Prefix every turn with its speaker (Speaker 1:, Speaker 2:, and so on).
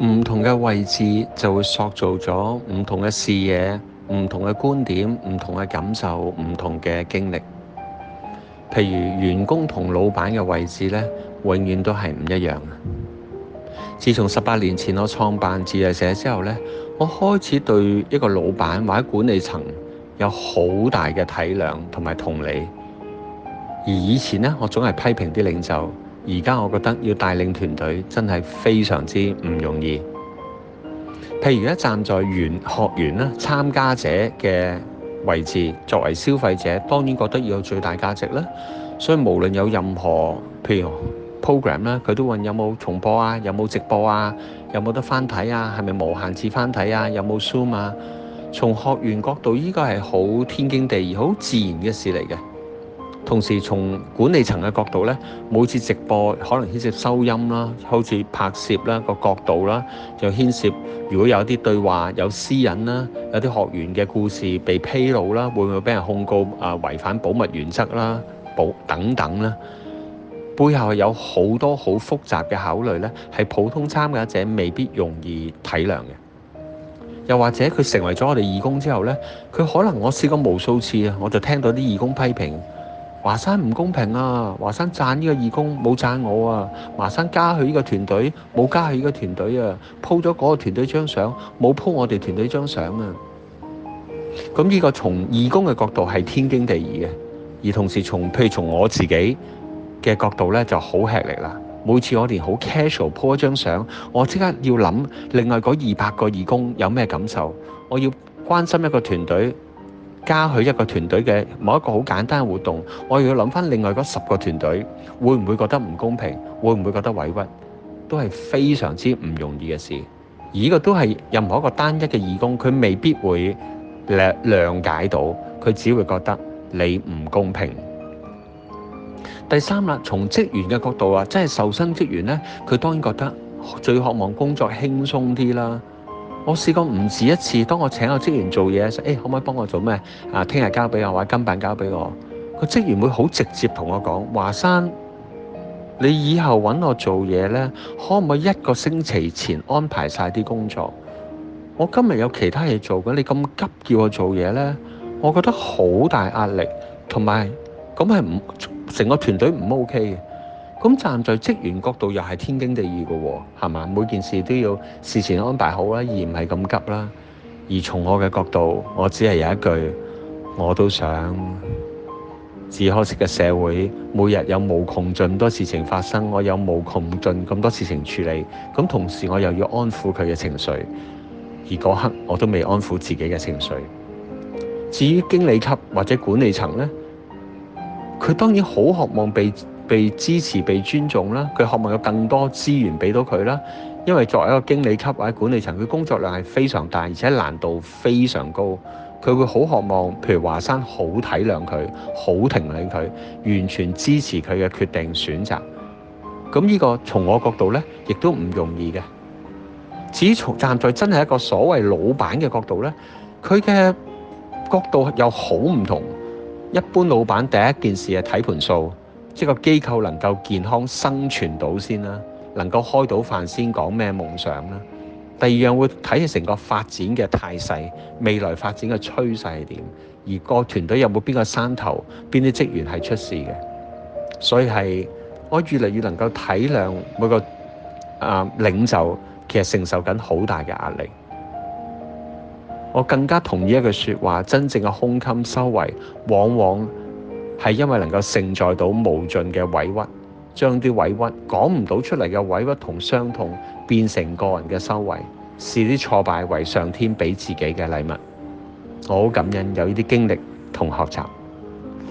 Speaker 1: 唔同嘅位置就會塑造咗唔同嘅視野、唔同嘅觀點、唔同嘅感受、唔同嘅經歷。譬如員工同老闆嘅位置呢，永遠都係唔一樣。自從十八年前我創辦自在社之後呢，我開始對一個老闆或者管理層有好大嘅體諒同埋同理，而以前呢，我總係批評啲領袖。而家我覺得要帶領團隊真係非常之唔容易。譬如一站在員學員啦、參加者嘅位置，作為消費者，當然覺得要有最大價值啦。所以無論有任何譬如 program 啦，佢都問有冇重播啊、有冇直播啊、有冇得翻睇啊、係咪無限次翻睇啊、有冇 zoom 啊。從學員角度，應該係好天經地義、好自然嘅事嚟嘅。同時，從管理層嘅角度咧，每次直播可能牽涉收音啦，好似拍攝啦個角度啦，又牽涉如果有啲對話有私隱啦，有啲學員嘅故事被披露啦，會唔會俾人控告啊，違反保密原則啦、保等等啦？背後有好多好複雜嘅考慮咧，係普通參加者未必容易體諒嘅。又或者佢成為咗我哋義工之後咧，佢可能我試過無數次啊，我就聽到啲義工批評。華山唔公平啊！華山贊呢個義工冇贊我啊，華山加佢呢個團隊冇加佢呢個團隊啊，鋪咗嗰個團隊張相冇鋪我哋團隊張相啊。咁呢個從義工嘅角度係天經地義嘅，而同時從譬如從我自己嘅角度咧就好吃力啦。每次我哋好 casual 鋪一張相，我即刻要諗另外嗰二百個義工有咩感受，我要關心一個團隊。加佢一個團隊嘅某一個好簡單嘅活動，我又要諗返另外嗰十個團隊會唔會覺得唔公平？會唔會覺得委屈？都係非常之唔容易嘅事。而呢個都係任何一個單一嘅義工，佢未必會諒解到，佢只會覺得你唔公平。第三啦，從職員嘅角度啊，即係受薪職員呢，佢當然覺得最渴望工作輕鬆啲啦。我試過唔止一次，當我請個職員做嘢，誒、欸、可唔可以幫我做咩？啊，聽日交俾我或者今晚交俾我，個職員會好直接同我講：華山，你以後揾我做嘢呢，可唔可以一個星期前安排晒啲工作？我今日有其他嘢做嘅，你咁急叫我做嘢呢，我覺得好大壓力，同埋咁係唔，成個團隊唔 OK 嘅。咁站在職員角度又係天經地義嘅喎，哦，係嘛？每件事都要事前安排好啦，而唔係咁急啦。而從我嘅角度，我只係有一句，我都想，只可惜嘅社會每日有無窮盡多事情發生，我有無窮盡咁多事情處理。咁同時我又要安撫佢嘅情緒，而嗰刻我都未安撫自己嘅情緒，至於經理級或者管理層咧，佢當然好渴望被。被支持、被尊重啦，佢渴望有更多資源俾到佢啦。因為作為一個經理級或者管理層，佢工作量係非常大，而且難度非常高。佢會好渴望，譬如華山好體諒佢，好停領佢，完全支持佢嘅決定選擇，咁呢個從我角度咧，亦都唔容易嘅。至於站在真係一個所謂老闆嘅角度咧，佢嘅角度又好唔同。一般老闆第一件事係睇盤數。即個機構能夠健康生存到先啦、啊，能夠開到飯先講咩夢想啦、啊。第二樣會睇起成個發展嘅態勢，未來發展嘅趨勢係點，而個團隊有冇邊個山頭，邊啲職員係出事嘅。所以係我越嚟越能夠體諒每個啊、呃、領袖其實承受緊好大嘅壓力。我更加同意一句説話：真正嘅胸襟修為，往往，係因為能夠承載到無盡嘅委屈，將啲委屈講唔到出嚟嘅委屈同傷痛，變成個人嘅修為，視啲挫敗為上天俾自己嘅禮物。我好感恩有呢啲經歷同學習。